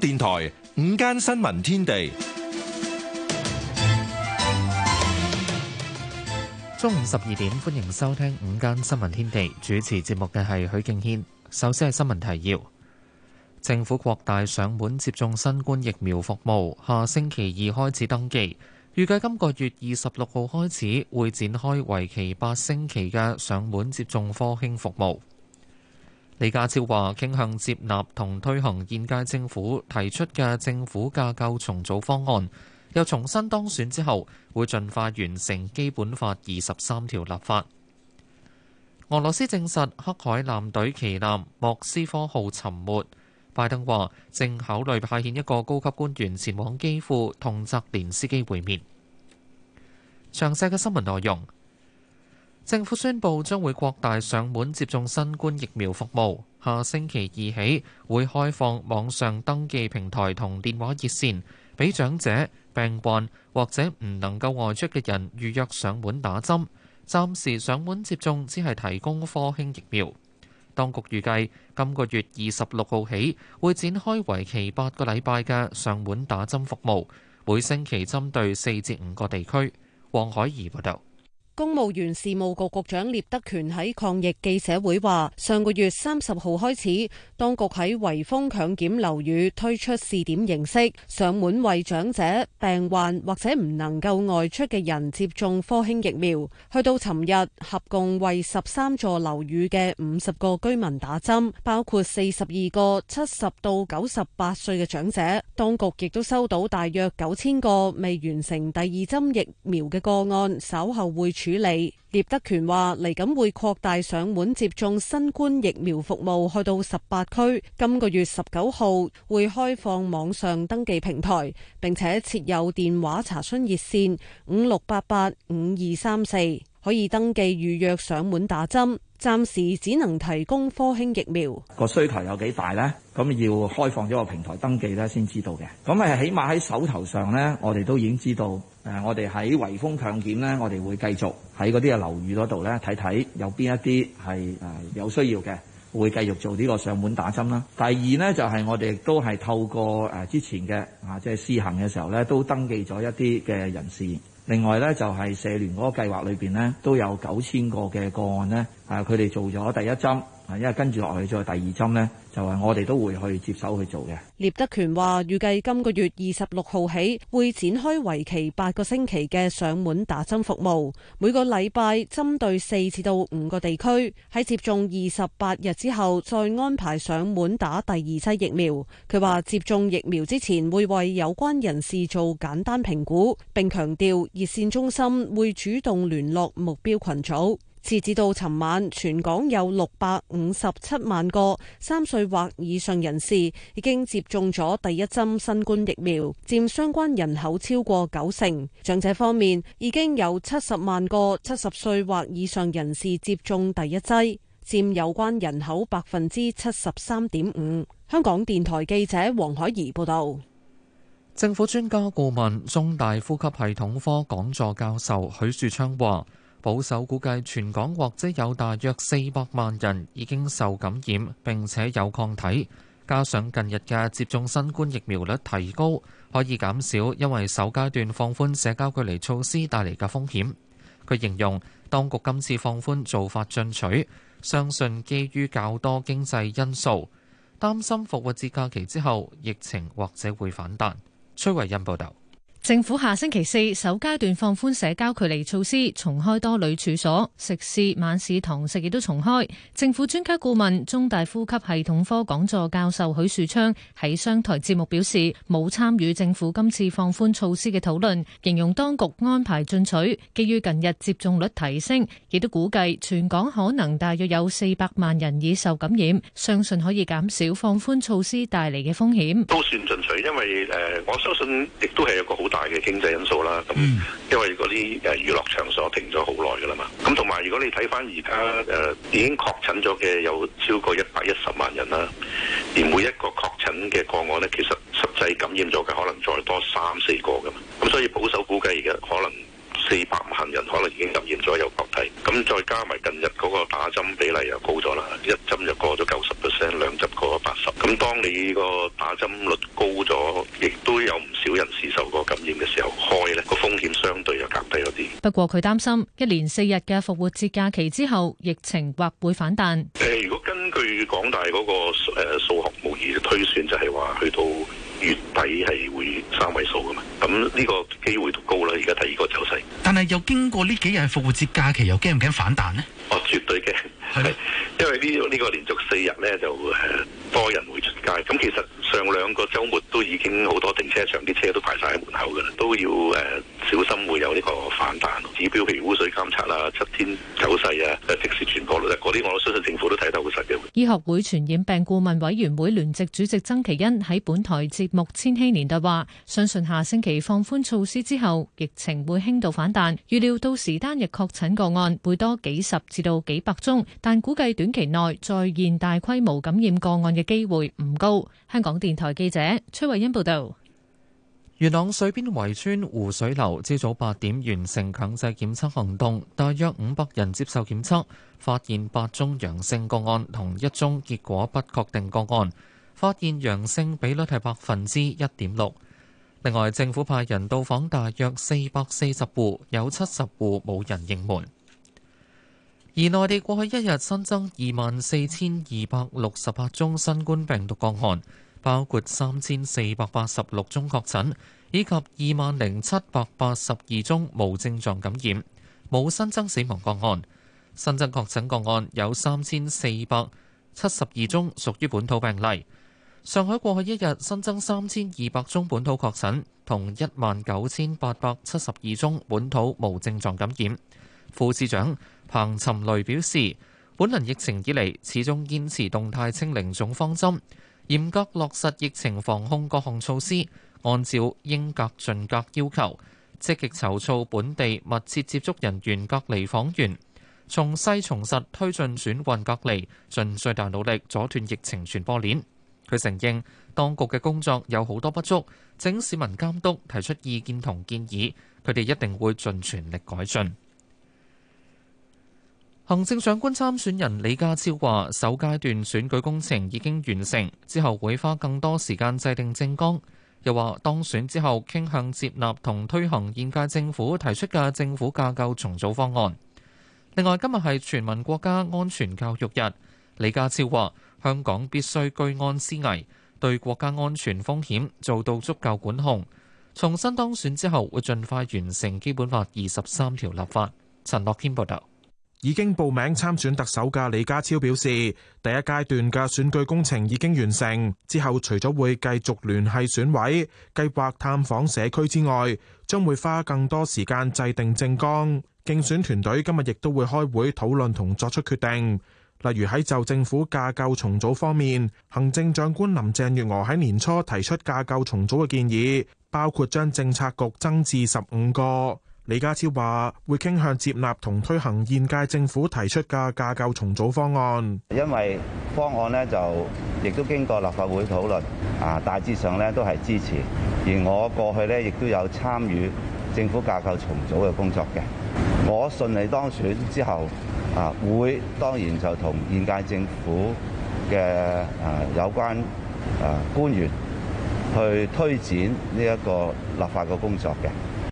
電台午間新聞天地，中午十二點，歡迎收聽午間新聞天地。主持節目嘅係許敬軒。首先係新聞提要：政府擴大上門接種新冠疫苗服務，下星期二開始登記，預計今個月二十六號開始會展開為期八星期嘅上門接種科興服務。李家超話傾向接納同推行現屆政府提出嘅政府架構重組方案。又重新當選之後，會盡快完成《基本法》二十三條立法。俄羅斯證實黑海艦隊旗艦莫斯科號沉沒。拜登話正考慮派遣一個高級官員前往基輔同澤連斯基會面。詳細嘅新聞內容。政府宣布將會擴大上門接種新冠疫苗服務，下星期二起會開放網上登記平台同電話熱線，俾長者、病患或者唔能夠外出嘅人預約上門打針，暫時上門接種只係提供科興疫苗。當局預計今個月二十六號起會展開為期八個禮拜嘅上門打針服務，每星期針對四至五個地區，黃海怡報道。公務員事務局局長聶德權喺抗疫記者會話：上個月三十號開始，當局喺圍封強檢樓宇，推出試點形式，上門為長者、病患或者唔能夠外出嘅人接種科興疫苗。去到尋日，合共為十三座樓宇嘅五十個居民打針，包括四十二個七十到九十八歲嘅長者。當局亦都收到大約九千個未完成第二針疫苗嘅個案，稍後會處。處理聶德權話：嚟緊會擴大上門接種新冠疫苗服務，去到十八區。今個月十九號會開放網上登記平台，並且設有電話查詢熱線五六八八五二三四，4, 可以登記預約上門打針。暫時只能提供科興疫苗。個需求有幾大呢？咁要開放咗個平台登記咧，先知道嘅。咁啊，起碼喺手頭上呢，我哋都已經知道。誒，我哋喺圍封強檢咧，我哋會繼續喺嗰啲嘅樓宇嗰度咧，睇睇有邊一啲係誒有需要嘅，會繼續做呢個上門打針啦。第二咧就係、是、我哋亦都係透過誒之前嘅啊，即係試行嘅時候咧，都登記咗一啲嘅人士。另外咧就係、是、社聯嗰個計劃裏邊咧，都有九千個嘅個案咧，啊，佢哋做咗第一針。因為跟住落去再第二針呢，就係我哋都會去接手去做嘅。聶德權話，預計今個月二十六號起，會展開為期八個星期嘅上門打針服務，每個禮拜針對四至到五個地區，喺接種二十八日之後再安排上門打第二劑疫苗。佢話，接種疫苗之前會為有關人士做簡單評估，並強調熱線中心會主動聯絡目標群組。截至到尋晚，全港有六百五十七萬個三歲或以上人士已經接種咗第一針新冠疫苗，佔相關人口超過九成。長者方面，已經有七十萬個七十歲或以上人士接種第一劑，佔有關人口百分之七十三點五。香港電台記者黃海怡報道。政府專家顧問、中大呼吸系統科講座教授許樹昌話。保守估計，全港或者有大約四百萬人已經受感染並且有抗體，加上近日嘅接種新冠疫苗率提高，可以減少因為首階段放寬社交距離措施帶嚟嘅風險。佢形容，當局今次放寬做法進取，相信基於較多經濟因素。擔心復活節假期之後疫情或者會反彈。崔惠印報導。政府下星期四首階段放寬社交距離措施，重開多女處所、食肆、晚市堂食亦都重開。政府專家顧問、中大呼吸系統科講座教授許樹昌喺商台節目表示，冇參與政府今次放寬措施嘅討論，形容當局安排進取，基於近日接種率提升，亦都估計全港可能大約有四百萬人已受感染，相信可以減少放寬措施帶嚟嘅風險。都算進取，因為誒、呃，我相信亦都係一個好。大嘅經濟因素啦，咁、嗯、因為嗰啲誒娛樂場所停咗好耐㗎啦嘛，咁同埋如果你睇翻而家誒已經確診咗嘅有超過一百一十萬人啦，而每一個確診嘅個案咧，其實實際感染咗嘅可能再多三四個㗎嘛。咁、嗯、所以保守估計而家可能。四百五行人可能已經感染咗有確體，咁再加埋近日嗰個打針比例又高咗啦，一針就過咗九十 percent，兩針過咗八十。咁當你個打針率高咗，亦都有唔少人士受過感染嘅時候，開呢個風險相對又減低咗啲。不過佢擔心，一連四日嘅復活節假期之後，疫情或會反彈。誒，如果根據港大嗰個誒數學模擬推算，就係話去到。月底係會三位數噶嘛，咁呢個機會都高啦。而家第二個走勢，但係又經過呢幾日復活節假期，又驚唔驚反彈呢？哦，絕對驚嗎，係因為呢、這、呢、個這個連續四日呢，就、呃、多人會出街，咁其實上兩個周末都已經好多停車場啲車都排晒喺門口噶啦，都要誒。呃小心會有呢個反彈，指標譬如污水監測啦、七天走勢啊、直接傳播率嗰啲，我相信政府都睇得好實嘅。醫學會傳染病顧問委員會聯席主席曾其欣喺本台節目千禧年代話：相信下星期放寬措施之後，疫情會輕度反彈，預料到時單日確診個案會多幾十至到幾百宗，但估計短期內再現大規模感染個案嘅機會唔高。香港電台記者崔慧欣報道。元朗水邊圍村湖水樓朝早八點完成強制檢測行動，大約五百人接受檢測，發現八宗陽性個案，同一宗結果不確定個案，發現陽性比率係百分之一點六。另外，政府派人到訪大約四百四十戶，有七十戶冇人應門。而內地過去一日新增二萬四千二百六十八宗新冠病毒個案。包括三千四百八十六宗確診，以及二萬零七百八十二宗無症狀感染，冇新增死亡個案。新增確診個案有三千四百七十二宗屬於本土病例。上海過去一日新增三千二百宗本土確診，同一萬九千八百七十二宗本土無症狀感染。副市長彭沉雷表示，本輪疫情以嚟始終堅持動態清零總方針。嚴格落實疫情防控各項措施，按照應隔盡隔要求，積極籌措本地密切接觸人員隔離房源，從細從實推進轉運隔離，盡最大努力阻斷疫情傳播鏈。佢承認，當局嘅工作有好多不足，請市民監督提出意見同建議，佢哋一定會盡全力改進。行政長官參選人李家超話，首階段選舉工程已經完成，之後會花更多時間制定政綱。又話當選之後傾向接納同推行現屆政府提出嘅政府架構重組方案。另外，今日係全民國家安全教育日，李家超話：香港必須居安思危，對國家安全風險做到足夠管控。重新當選之後，會盡快完成基本法二十三條立法。陳樂天報道。已經報名參選特首嘅李家超表示，第一階段嘅選舉工程已經完成，之後除咗會繼續聯繫選委，計劃探訪社區之外，將會花更多時間制定政綱。競選團隊今日亦都會開會討論同作出決定，例如喺就政府架構重組方面，行政長官林鄭月娥喺年初提出架構重組嘅建議，包括將政策局增至十五個。李家超話會傾向接納同推行現屆政府提出嘅架構重組方案，因為方案咧，就亦都經過立法會討論，啊大致上咧，都係支持。而我過去咧，亦都有參與政府架構重組嘅工作嘅，我順利當選之後啊，會當然就同現屆政府嘅啊有關啊官員去推展呢一個立法嘅工作嘅。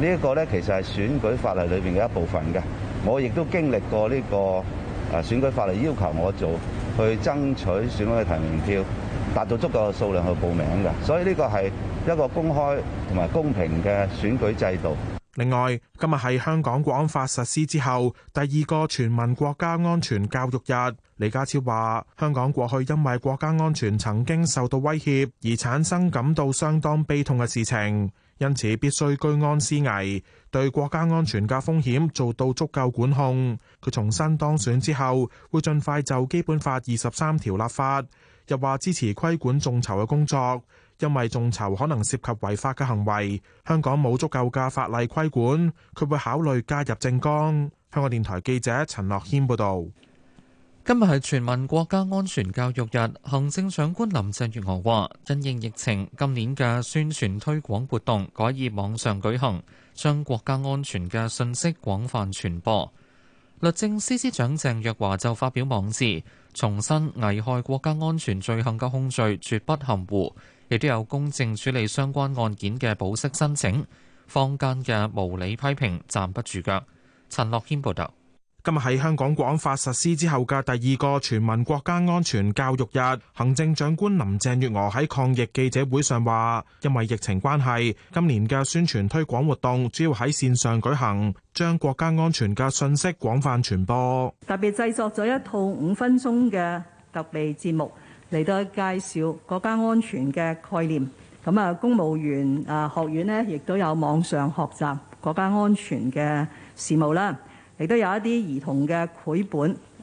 呢一個咧，其實係選舉法例裏邊嘅一部分嘅。我亦都經歷過呢個誒選舉法例要求我做，去爭取選舉嘅提名票，達到足夠嘅數量去報名嘅。所以呢個係一個公開同埋公平嘅選舉制度。另外，今日喺香港國安法實施之後第二個全民國家安全教育日。李家超話：香港過去因為國家安全曾經受到威脅而產生感到相當悲痛嘅事情，因此必須居安思危，對國家安全嘅風險做到足夠管控。佢重新當選之後會盡快就基本法二十三條立法，又話支持規管眾籌嘅工作。因為眾籌可能涉及違法嘅行為，香港冇足夠嘅法例規管，佢會考慮加入政綱。香港電台記者陳樂軒報導。今日係全民國家安全教育日，行政長官林鄭月娥話：因應疫情，今年嘅宣傳推廣活動改以網上舉行，將國家安全嘅信息廣泛傳播。律政司司長鄭若華就發表網誌，重申危害國家安全罪行嘅控罪絕不含糊。亦都有公正處理相關案件嘅保釋申請，坊間嘅無理批評站不住腳。陳樂謙報導。今日喺香港《國安法》實施之後嘅第二個全民國家安全教育日，行政長官林鄭月娥喺抗疫記者會上話，因為疫情關係，今年嘅宣傳推廣活動主要喺線上舉行，將國家安全嘅訊息廣泛傳播，特別製作咗一套五分鐘嘅特別節目。嚟到介紹國家安全嘅概念，咁啊，公務員啊學院呢亦都有網上學習國家安全嘅事務啦。亦都有一啲兒童嘅繪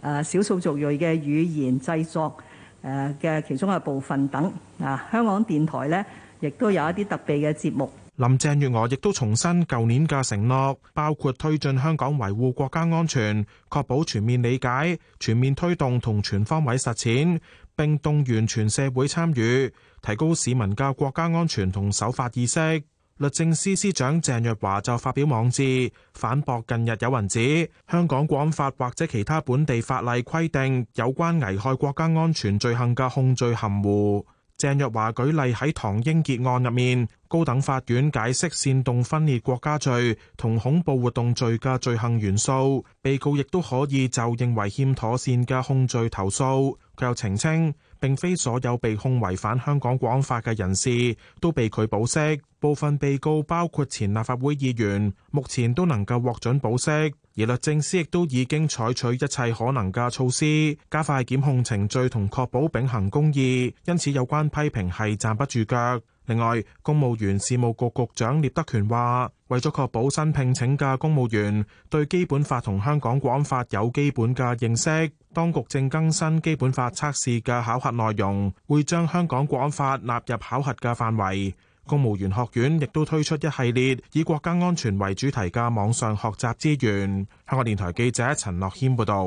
本，誒少數族裔嘅語言製作誒嘅其中嘅部分等啊。香港電台呢亦都有一啲特別嘅節目。林鄭月娥亦都重申舊年嘅承諾，包括推進香港維護國家安全，確保全面理解、全面推動同全方位實踐。並動員全社會參與，提高市民嘅國家安全同守法意識。律政司司長鄭若驊就發表網誌反駁，近日有人指香港國安法或者其他本地法例規定有關危害國家安全罪行嘅控罪含糊。鄭若驊舉例喺唐英傑案入面，高等法院解釋煽動分裂國家罪同恐怖活動罪嘅罪行元素，被告亦都可以就認為欠妥善嘅控罪投訴。佢又澄清，並非所有被控違反香港《國安法》嘅人士都被拒保釋，部分被告包括前立法會議員，目前都能夠獲准保釋。而律政司亦都已經採取一切可能嘅措施，加快檢控程序同確保秉行公義，因此有關批評係站不住腳。另外，公務員事務局局長聶德權話，為咗確保新聘請嘅公務員對基本法同香港國安法有基本嘅認識，當局正更新基本法測試嘅考核內容，會將香港國安法納入考核嘅範圍。公務員學院亦都推出一系列以國家安全為主題嘅網上學習資源。香港電台記者陳樂軒報導。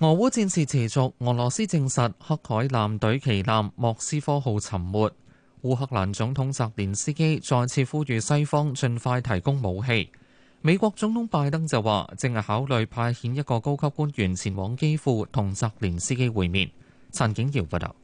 俄烏戰事持續，俄羅斯證實黑海艦隊旗艦莫斯科號沉沒。烏克蘭總統澤連斯基再次呼籲西方盡快提供武器。美國總統拜登就話，正係考慮派遣一個高級官員前往基輔同澤連斯基會面。陳景堯報道。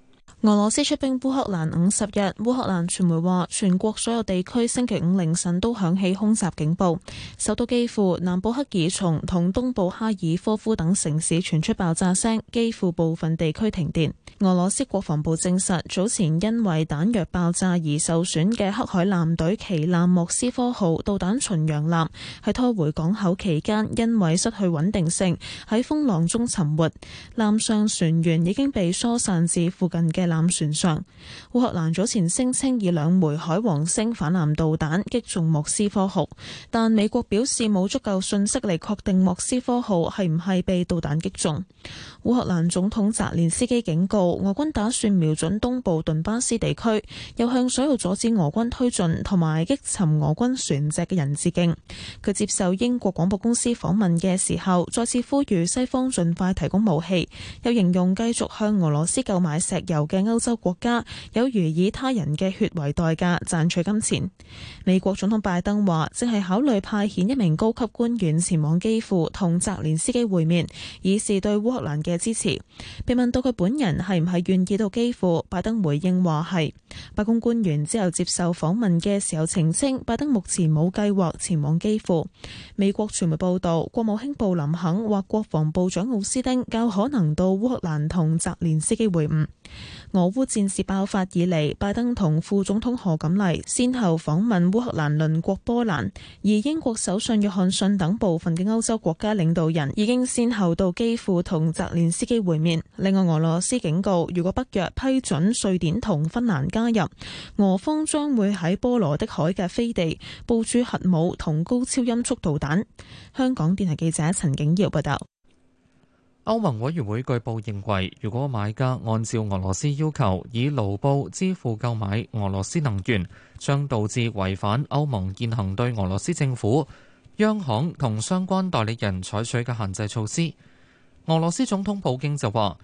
俄羅斯出兵烏克蘭五十日，烏克蘭傳媒話全國所有地區星期五凌晨都響起空襲警報。首都基輔、南部克爾松同東部哈爾科夫等城市傳出爆炸聲，基輔部分地區停電。俄羅斯國防部證實，早前因為彈藥爆炸而受損嘅黑海艦隊旗艦莫斯科號導彈巡洋艦喺拖回港口期間，因為失去穩定性喺風浪中沉沒，艦上船員已經被疏散至附近嘅。艦船上，烏克蘭早前聲稱以兩枚海王星反艦導彈擊中莫斯科號，但美國表示冇足夠信息嚟確定莫斯科號係唔係被導彈擊中。烏克蘭總統澤連斯基警告，俄軍打算瞄準東部頓巴斯地區，又向所有阻止俄軍推進同埋擊沉俄軍船隻嘅人致敬。佢接受英國廣播公司訪問嘅時候，再次呼籲西方盡快提供武器，又形容繼續向俄羅斯購買石油嘅歐洲國家有如以他人嘅血為代價賺取金錢。美國總統拜登話，正係考慮派遣一名高級官員前往基輔同澤連斯基會面，以示對烏克蘭嘅支持。被問到佢本人係唔係願意到基輔，拜登回應話係。白宮官員之後接受訪問嘅時候澄清，拜登目前冇計劃前往基輔。美國傳媒報道，國務卿布林肯或國防部長奧斯汀較可能到烏克蘭同澤連斯基會晤。俄烏戰事爆發以嚟，拜登同副總統何錦麗先後訪問烏克蘭鄰國波蘭，而英國首相約翰遜等部分嘅歐洲國家領導人已經先後到基輔同澤連斯基會面。另外，俄羅斯警告，如果北約批准瑞典同芬蘭加入，俄方將會喺波羅的海嘅飛地部署核武同高超音速導彈。香港電台記者陳景耀報道。歐盟委員會據報認為，如果買家按照俄羅斯要求以盧布支付購買俄羅斯能源，將導致違反歐盟現行對俄羅斯政府、央行同相關代理人採取嘅限制措施。俄羅斯總統普京就話：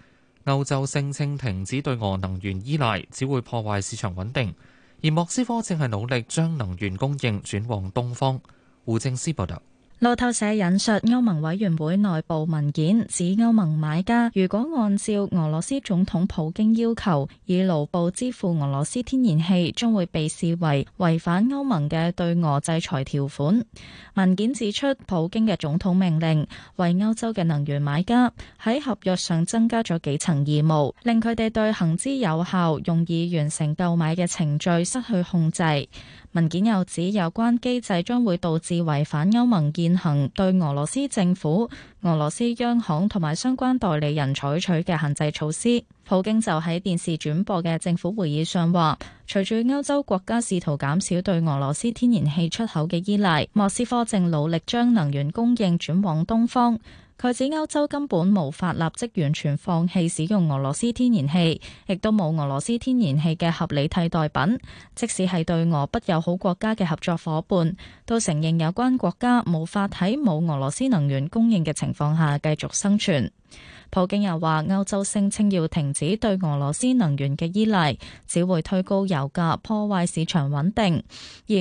歐洲聲稱停止對俄能源依賴，只會破壞市場穩定。而莫斯科正係努力將能源供應轉往東方。胡正思報道。路透社引述歐盟委員會內部文件指，歐盟買家如果按照俄羅斯總統普京要求以盧布支付俄羅斯天然氣，將會被視為違反歐盟嘅對俄制裁條款。文件指出，普京嘅總統命令為歐洲嘅能源買家喺合約上增加咗幾層義務，令佢哋對行之有效、容易完成購買嘅程序失去控制。文件又指，有關機制將會導致違反歐盟現行對俄羅斯政府、俄羅斯央行同埋相關代理人採取嘅限制措施。普京就喺電視轉播嘅政府會議上話，隨住歐洲國家試圖減少對俄羅斯天然氣出口嘅依賴，莫斯科正努力將能源供應轉往東方。佢指歐洲根本無法立即完全放棄使用俄羅斯天然氣，亦都冇俄羅斯天然氣嘅合理替代品。即使係對俄不友好國家嘅合作夥伴，都承認有關國家無法喺冇俄羅斯能源供應嘅情況下繼續生存。普京又話，歐洲聲稱要停止對俄羅斯能源嘅依賴，只會推高油價，破壞市場穩定。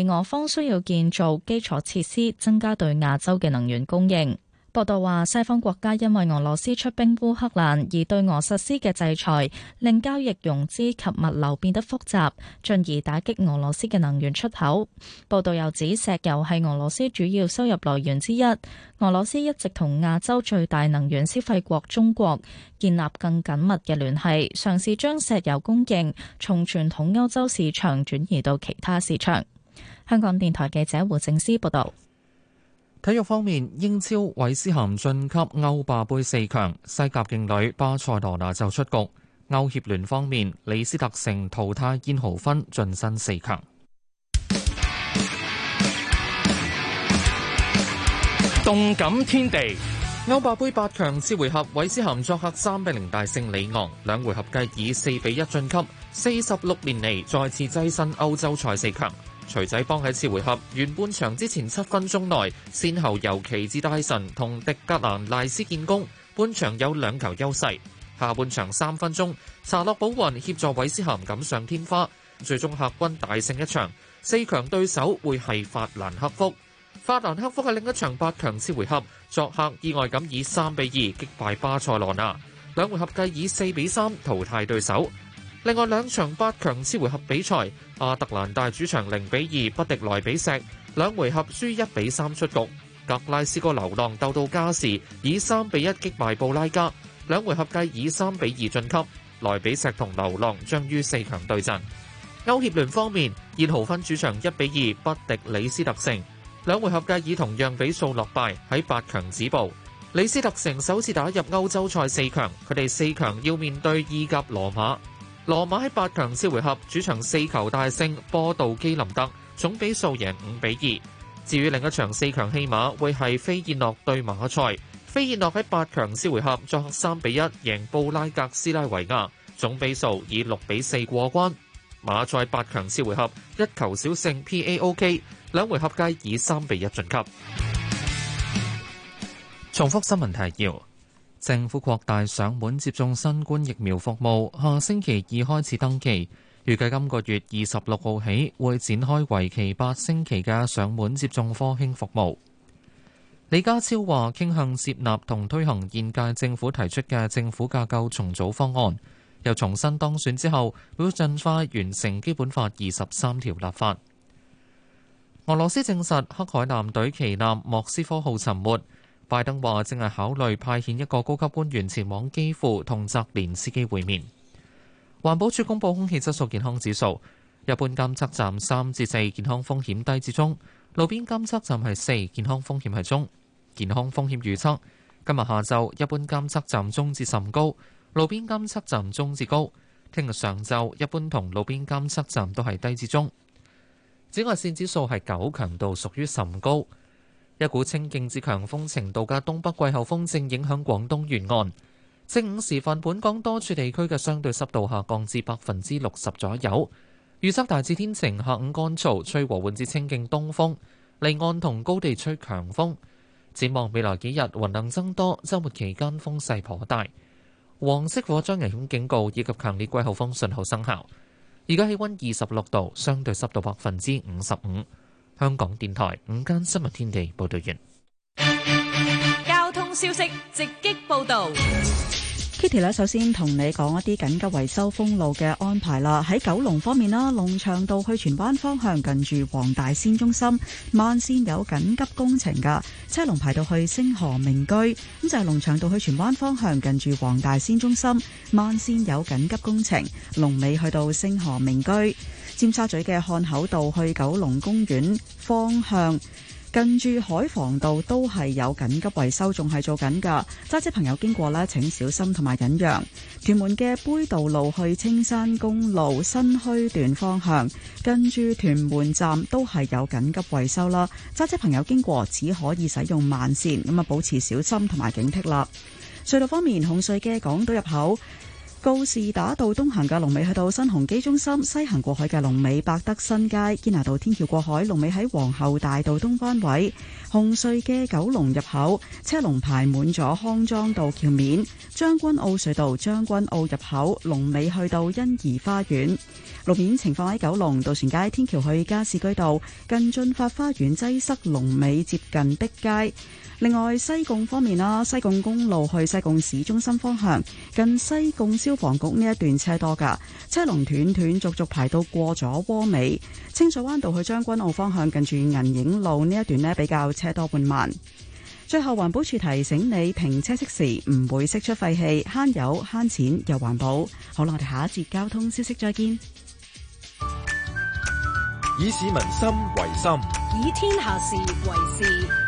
而俄方需要建造基礎設施，增加對亞洲嘅能源供應。報道話，西方國家因為俄羅斯出兵烏克蘭而對俄實施嘅制裁，令交易融資及物流變得複雜，進而打擊俄羅斯嘅能源出口。報道又指，石油係俄羅斯主要收入來源之一。俄羅斯一直同亞洲最大能源消費國中國建立更緊密嘅聯繫，嘗試將石油供應從傳統歐洲市場轉移到其他市場。香港電台記者胡正思報道。體育方面，英超韋斯咸晉級歐霸杯四強，西甲勁旅巴塞羅那就出局。歐協聯方面，李斯特城淘汰燕豪芬，晉身四強。動感天地，歐霸杯八強次回合，韋斯咸作客三比零大勝里昂，兩回合計以四比一晉級，四十六年嚟再次躋身歐洲賽四強。徐仔幫喺次回合完半場之前七分鐘內，先後由奇志戴臣同迪格蘭賴斯建功，半場有兩球優勢。下半場三分鐘，查洛保雲協助韋斯咸錦上添花，最終客軍大勝一場。四強對手會係法蘭克福。法蘭克福嘅另一場八強次回合作客，意外咁以三比二擊敗巴塞羅那，兩回合計以四比三淘汰對手。另外兩場八強次回合比賽。亞特蘭大主場零比二不敵萊比錫，兩回合輸一比三出局。格拉斯哥流浪鬥到加時，以三比一擊敗布拉加，兩回合計以三比二晉級。萊比錫同流浪將於四強對陣。歐協聯方面，燕豪芬主場一比二不敵里斯特城，兩回合計以同樣比數落敗，喺八強止步。里斯特城首次打入歐洲賽四強，佢哋四強要面對意甲羅馬。羅馬喺八強次回合主場四球大勝波杜基林德總比數贏五比二。至於另一場四強戲碼，會係菲爾諾對馬賽。菲爾諾喺八強次回合作客三比一贏布拉格斯拉維亞，總比數以六比四過關。馬賽八強次回合一球小勝 PAOK，、OK, 兩回合皆以三比一晉級。重複新聞提要。政府擴大上門接種新冠疫苗服務，下星期二開始登記，預計今個月二十六號起會展開為期八星期嘅上門接種科興服務。李家超話傾向接納同推行現屆政府提出嘅政府架構重組方案，又重新當選之後會盡快完成基本法二十三條立法。俄羅斯證實黑海艦隊旗艦莫斯科號沉沒。拜登話正係考慮派遣一個高級官員前往基輔同澤連斯基會面。環保署公布空氣質素健康指數，一般監測站三至四，健康風險低至中；路邊監測站係四，健康風險係中。健康風險預測今日下晝一般監測站中至甚高，路邊監測站中至高。聽日上晝一般同路邊監測站都係低至中。紫外線指數係九，強度屬於甚高。一股清勁至強風程度嘅東北季候風正影響廣東沿岸。正午時分，本港多處地區嘅相對濕度下降至百分之六十左右。預測大致天晴，下午乾燥，吹和緩至清勁東風，離岸同高地吹強風。展望未來幾日雲量增多，週末期間風勢頗大。黃色火災危險警告以及強烈季候風信號生效。而家氣温二十六度，相對濕度百分之五十五。香港電台午間新聞天地報道員，交通消息直擊報道。Kitty 首先同你講一啲緊急維修封路嘅安排啦。喺九龍方面啦，龍翔道去荃灣方向近住黃大仙中心，慢線有緊急工程嘅。車龍排到去星河名居，咁就係龍翔道去荃灣方向近住黃大仙中心，慢線有緊急工程，龍尾去到星河名居。尖沙咀嘅漢口道去九龍公園方向，近住海防道都係有緊急維修，仲係做緊噶。揸車朋友經過呢，請小心同埋忍讓。屯門嘅杯渡路去青山公路新墟段方向，近住屯門站都係有緊急維修啦。揸車朋友經過只可以使用慢線，咁啊保持小心同埋警惕啦。隧道方面，紅隧嘅港島入口。告士打道東行嘅龍尾去到新鴻基中心，西行過海嘅龍尾百德新街堅拿道天橋過海，龍尾喺皇后大道東彎位，紅隧嘅九龍入口車龍排滿咗康莊道橋面，將軍澳隧道將軍澳入口龍尾去到欣怡花園，路面情況喺九龍渡船街天橋去加士居道近駿發花園擠塞，龍尾接近碧街。另外，西貢方面啦，西貢公路去西貢市中心方向，近西貢消防局呢一段車多㗎，車龍斷斷續續排到過咗窩尾。清水灣道去將軍澳方向，近住銀影路呢一段呢，比較車多半慢。最後，環保處提醒你，停車熄匙唔會釋出廢氣，慳油慳錢又環保。好啦，我哋下一節交通消息再見。以市民心為心，以天下事為事。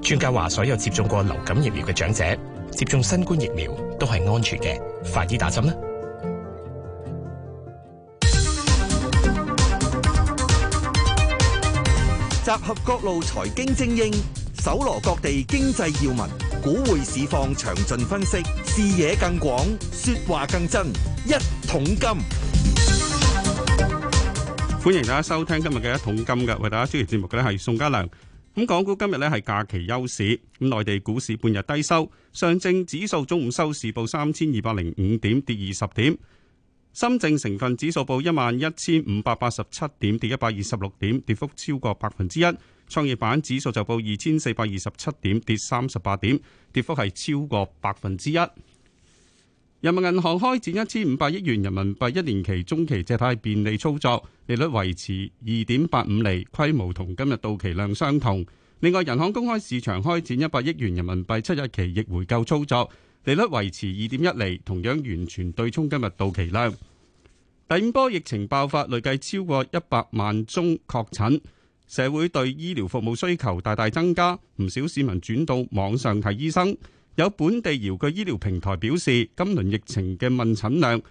專家話：所有接種過流感疫苗嘅長者接種新冠疫苗都係安全嘅。快啲打針啦！集合各路財經精英，搜羅各地經濟要聞、股匯市況、詳盡分析，視野更廣，說話更真。一桶金，歡迎大家收聽今日嘅一桶金嘅，為大家主持節目嘅咧係宋家良。咁港股今日呢係假期休市，咁內地股市半日低收，上證指數中午收市報三千二百零五點，跌二十點；深證成分指數報一萬一千五百八十七點，跌一百二十六點，跌幅超過百分之一；創業板指數就報二千四百二十七點，跌三十八點，跌幅係超過百分之一。人民銀行開展一千五百億元人民幣一年期中期借貸便利操作，利率維持二點八五厘，規模同今日到期量相同。另外，人行公開市場開展一百億元人民幣七日期逆回購操作，利率維持二點一厘，同樣完全對沖今日到期量。第五波疫情爆發，累計超過一百萬宗確診，社會對醫療服務需求大大增加，唔少市民轉到網上睇醫生。有本地遙距醫療平台表示，今輪疫情嘅問診量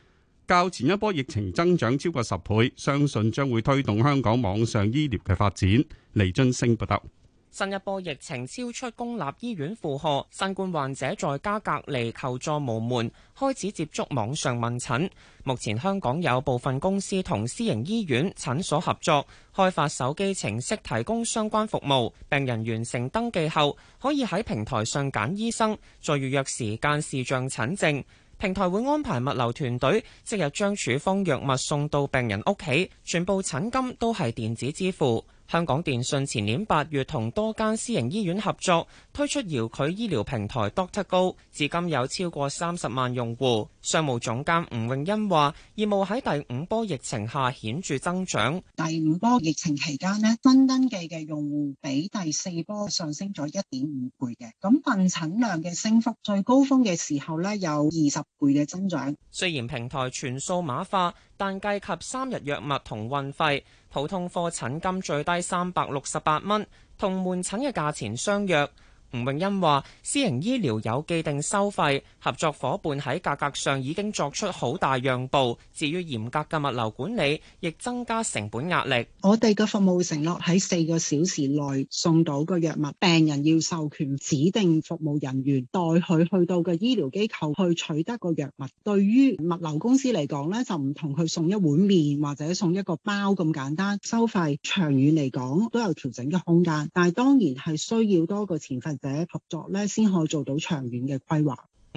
較前一波疫情增長超過十倍，相信將會推動香港網上醫療嘅發展。李津升報道。新一波疫情超出公立醫院負荷，新冠患者在家隔離求助無門開始接觸網上問診。目前香港有部分公司同私營醫院診所合作，開發手機程式提供相關服務，病人完成登記後可以喺平台上揀醫生，再預約時間視像診症。平台會安排物流團隊即日將處方藥物送到病人屋企，全部診金都係電子支付。香港電訊前年八月同多間私營醫院合作推出遙距醫療平台 DoctorGo，至今有超過三十萬用戶。商務總監吳泳欣話：業務喺第五波疫情下顯著增長。第五波疫情期間咧，新登記嘅用戶比第四波上升咗一點五倍嘅，咁問診量嘅升幅最高峰嘅時候呢，有二十倍嘅增長。雖然平台全數碼化，但計及三日藥物同運費。普通科診金最低三百六十八蚊，同門診嘅價錢相若。吳詠欣話，私營醫療有既定收費，合作夥伴喺價格上已經作出好大讓步。至於嚴格嘅物流管理，亦增加成本壓力。我哋嘅服務承諾喺四個小時內送到個藥物，病人要授權指定服務人員代佢去到個醫療機構去取得個藥物。對於物流公司嚟講呢，就唔同佢送一碗麵或者送一個包咁簡單，收費長遠嚟講都有調整嘅空間，但係當然係需要多個前分。或者合作咧，先可以做到長遠嘅規劃。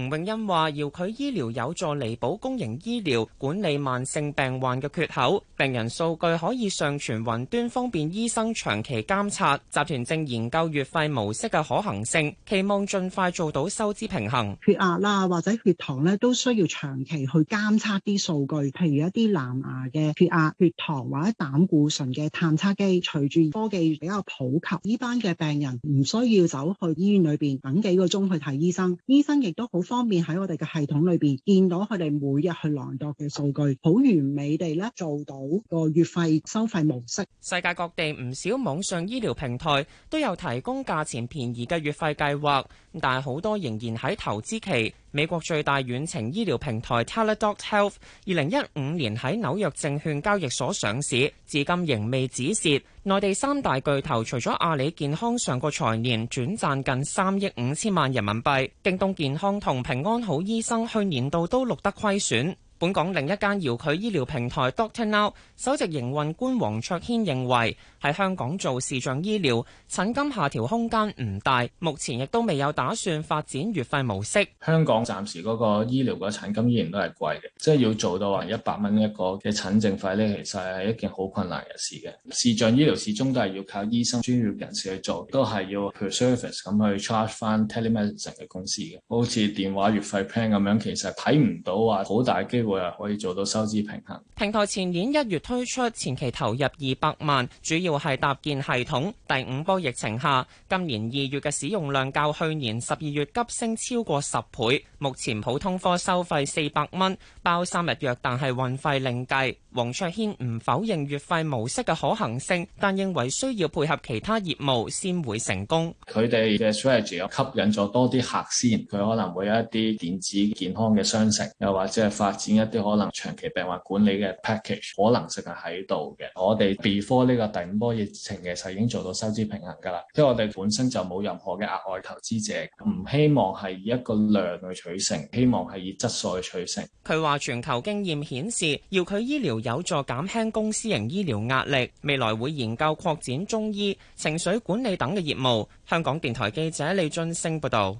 吳永欣話，遙距醫療有助彌補公營醫療管理慢性病患嘅缺口，病人數據可以上傳雲端，方便醫生長期監測。集團正研究月費模式嘅可行性，期望盡快做到收支平衡。血壓啦，或者血糖呢，都需要長期去監測啲數據，譬如一啲藍牙嘅血壓、血糖或者膽固醇嘅探測機。隨住科技比較普及，呢班嘅病人唔需要走去醫院裏邊等幾個鐘去睇醫生，醫生亦都好。方便喺我哋嘅系統裏邊見到佢哋每日去量度嘅數據，好完美地咧做到個月費收費模式。世界各地唔少網上醫療平台都有提供價錢便宜嘅月費計劃，但係好多仍然喺投資期。美國最大遠程醫療平台 Teladoc Health 二零一五年喺紐約證券交易所上市，至今仍未止蝕。內地三大巨頭除咗阿里健康上個財年轉賺近三億五千萬人民幣，京東健康同平安好醫生去年度都錄得虧損。本港另一間遙距醫療平台 Doctor Now 首席營運官黃卓軒認為，喺香港做視像醫療診金下調空間唔大，目前亦都未有打算發展月費模式。香港暫時嗰個醫療個診金依然都係貴嘅，即係要做到話一百蚊一個嘅診症費呢，其實係一件好困難嘅事嘅。視像醫療始終都係要靠醫生專業人士去做，都係要 per service 咁去 charge 翻 telemedicine 嘅公司嘅，好似電話月費 plan 咁樣，其實睇唔到話好大機會可以做到收支平衡。平台前年一月推出前期投入二百萬，主要係搭建系統。第五波疫情下，今年二月嘅使用量較去年十二月急升超過十倍。目前普通科收費四百蚊，包三日藥，但係運費另計。王卓軒唔否認月費模式嘅可行性，但認為需要配合其他業務先會成功。佢哋嘅 strategy 吸引咗多啲客先，佢可能會有一啲電子健康嘅商城，又或者係發展一啲可能長期病患管理嘅 package，可能性係喺度嘅。我哋 B 科呢個第五波疫情其實已經做到收支平衡㗎啦，即係我哋本身就冇任何嘅額外投資者，唔希望係以一個量去取勝，希望係以質素去取勝。佢話全球經驗顯示，要佢醫療。有助減輕公私營醫療壓力，未來會研究擴展中醫、情緒管理等嘅業務。香港電台記者李俊盛報道。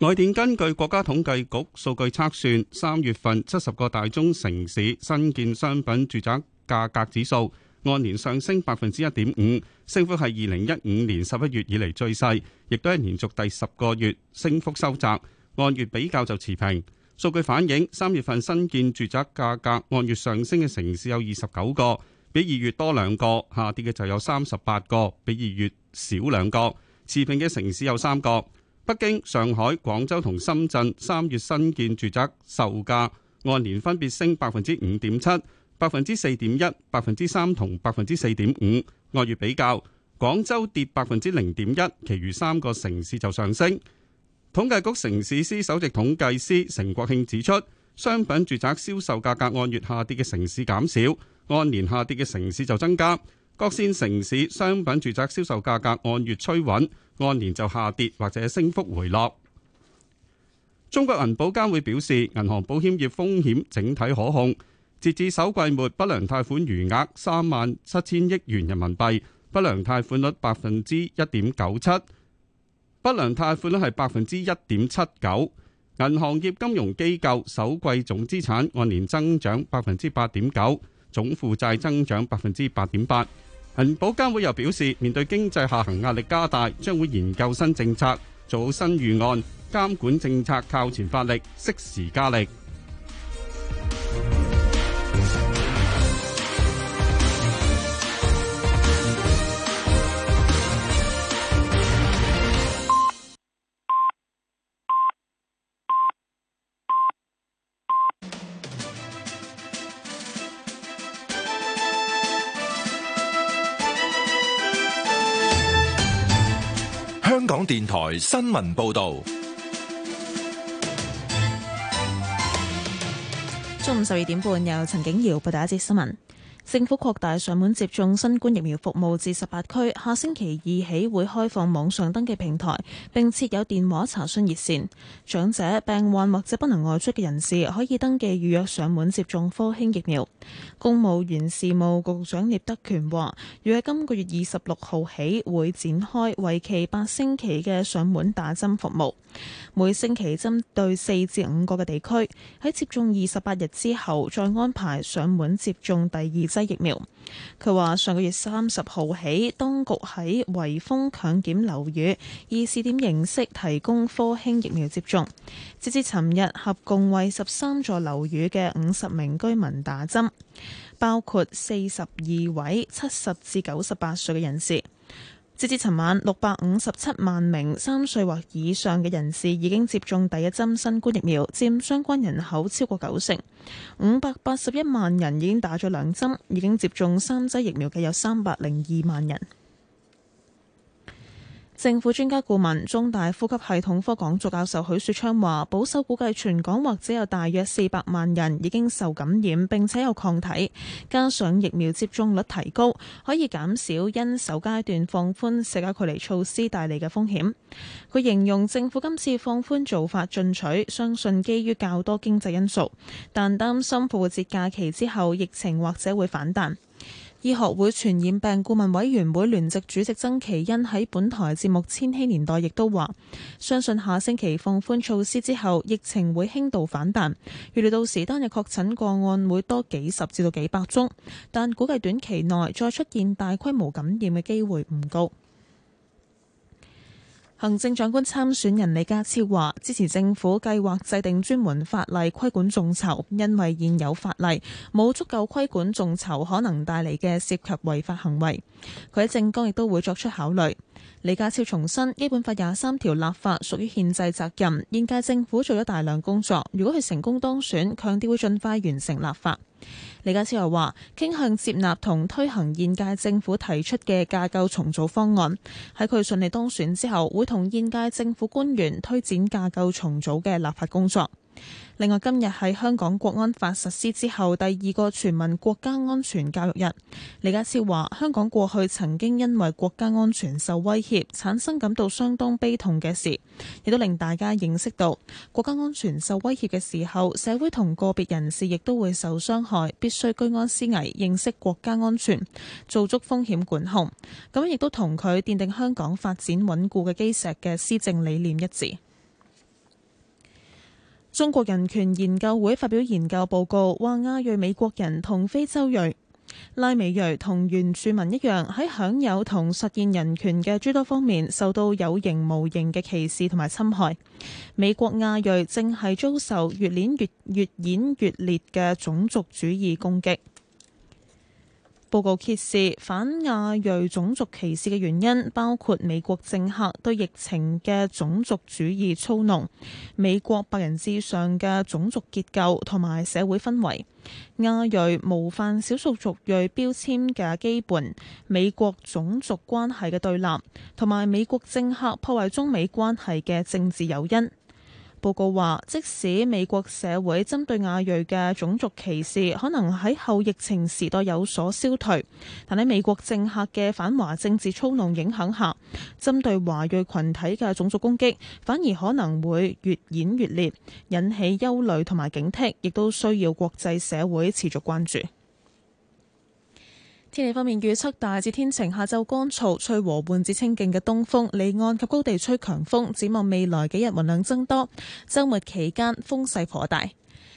外電根據國家統計局數據測算，三月份七十個大中城市新建商品住宅價格指數按年上升百分之一點五，升幅係二零一五年十一月以嚟最細，亦都係連續第十個月升幅收窄，按月比較就持平。數據反映，三月份新建住宅價格按月上升嘅城市有二十九個，比二月多兩個；下跌嘅就有三十八個，比二月少兩個；持平嘅城市有三個。北京、上海、廣州同深圳三月新建住宅售價按年分別升百分之五點七、百分之四點一、百分之三同百分之四點五。按月比較，廣州跌百分之零點一，其餘三個城市就上升。統計局城市司首席統計師成國慶指出，商品住宅銷售價格按月下跌嘅城市減少，按年下跌嘅城市就增加。各線城市商品住宅銷售價格按月趨穩，按年就下跌或者升幅回落。中國銀保監會表示，銀行保險業風險整體可控，截至首季末不良貸款餘額三萬七千億元人民幣，不良貸款率百分之一點九七。不良貸款率係百分之一點七九，銀行業金融機構首季總資產按年增長百分之八點九，總負債增長百分之八點八。銀保監會又表示，面對經濟下行壓力加大，將會研究新政策，做新預案，監管政策靠前發力，適時加力。電台新聞報道，中午十二點半由陳景瑤報道一節新聞。政府擴大上門接種新冠疫苗服務至十八區，下星期二起會開放網上登記平台，並設有電話查詢熱線。長者、病患或者不能外出嘅人士可以登記預約上門接種科興疫苗。公務員事務局長聶德權話，預計今個月二十六號起會展開為期八星期嘅上門打針服務，每星期針對四至五個嘅地區，喺接種二十八日之後再安排上門接種第二針。疫苗，佢話上個月三十號起，當局喺惠豐強檢樓宇以試點形式提供科興疫苗接種，截至尋日合共為十三座樓宇嘅五十名居民打針，包括四十二位七十至九十八歲嘅人士。截至尋晚，六百五十七萬名三歲或以上嘅人士已經接種第一針新冠疫苗，佔相關人口超過九成。五百八十一萬人已經打咗兩針，已經接種三劑疫苗嘅有三百零二萬人。政府專家顧問、中大呼吸系統科講座教授許雪昌話：保守估計全港或者有大約四百萬人已經受感染並且有抗體，加上疫苗接種率提高，可以減少因首階段放寬社交距離措施帶嚟嘅風險。佢形容政府今次放寬做法進取，相信基於較多經濟因素，但擔心復活節假期之後疫情或者會反彈。醫學會傳染病顧問委員會聯席主席曾其恩喺本台節目《千禧年代》亦都話，相信下星期放寬措施之後，疫情會輕度反彈。預料到時單日確診個案會多幾十至到幾百宗，但估計短期內再出現大規模感染嘅機會唔高。行政長官參選人李家超話：支持政府計劃制定專門法例規管眾籌，因為現有法例冇足夠規管眾籌可能帶嚟嘅涉及違法行為。佢喺政綱亦都會作出考慮。李家超重申，《基本法》廿三條立法屬於憲制責任，現屆政府做咗大量工作。如果佢成功當選，強調會盡快完成立法。李家超又話：傾向接納同推行現屆政府提出嘅架構重組方案，喺佢順利當選之後，會同現屆政府官員推展架構重組嘅立法工作。另外，今日喺香港國安法實施之後，第二個全民國家安全教育日，李家超話：香港過去曾經因為國家安全受威脅，產生感到相當悲痛嘅事，亦都令大家認識到國家安全受威脅嘅時候，社會同個別人士亦都會受傷害，必須居安思危，認識國家安全，做足風險管控。咁亦都同佢奠定香港發展穩固嘅基石嘅施政理念一致。中國人權研究會發表研究報告，話亞裔美國人同非洲裔、拉美裔同原住民一樣，喺享有同實現人權嘅諸多方面受到有形無形嘅歧視同埋侵害。美國亞裔正係遭受越演越越演越烈嘅種族主義攻擊。報告揭示反亞裔種族歧視嘅原因，包括美國政客對疫情嘅種族主義操弄、美國白人至上嘅種族結構同埋社會氛圍、亞裔模範少數族裔標籤嘅基本，美國種族關係嘅對立，同埋美國政客破壞中美關係嘅政治誘因。報告話，即使美國社會針對亞裔嘅種族歧視可能喺後疫情時代有所消退，但喺美國政客嘅反華政治操弄影響下，針對華裔群體嘅種族攻擊反而可能會越演越烈，引起憂慮同埋警惕，亦都需要國際社會持續關注。天氣方面預測大致天晴，下晝乾燥，吹和緩至清勁嘅東風，離岸及高地吹強風。展望未來幾日雲量增多，週末期間風勢頗大。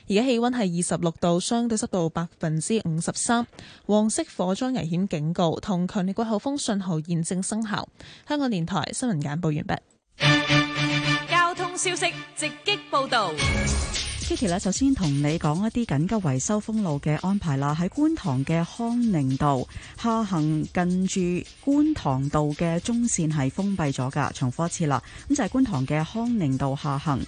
而家氣溫係二十六度，相對濕度百分之五十三。黃色火災危險警告同強烈季候風信號現正生效。香港電台新聞簡報完畢。交通消息直擊報道。Kiki 咧，首先同你講一啲緊急維修封路嘅安排啦。喺觀塘嘅康寧道下行近住觀塘道嘅中線係封閉咗噶重複一次啦。咁就係觀塘嘅康寧道下行。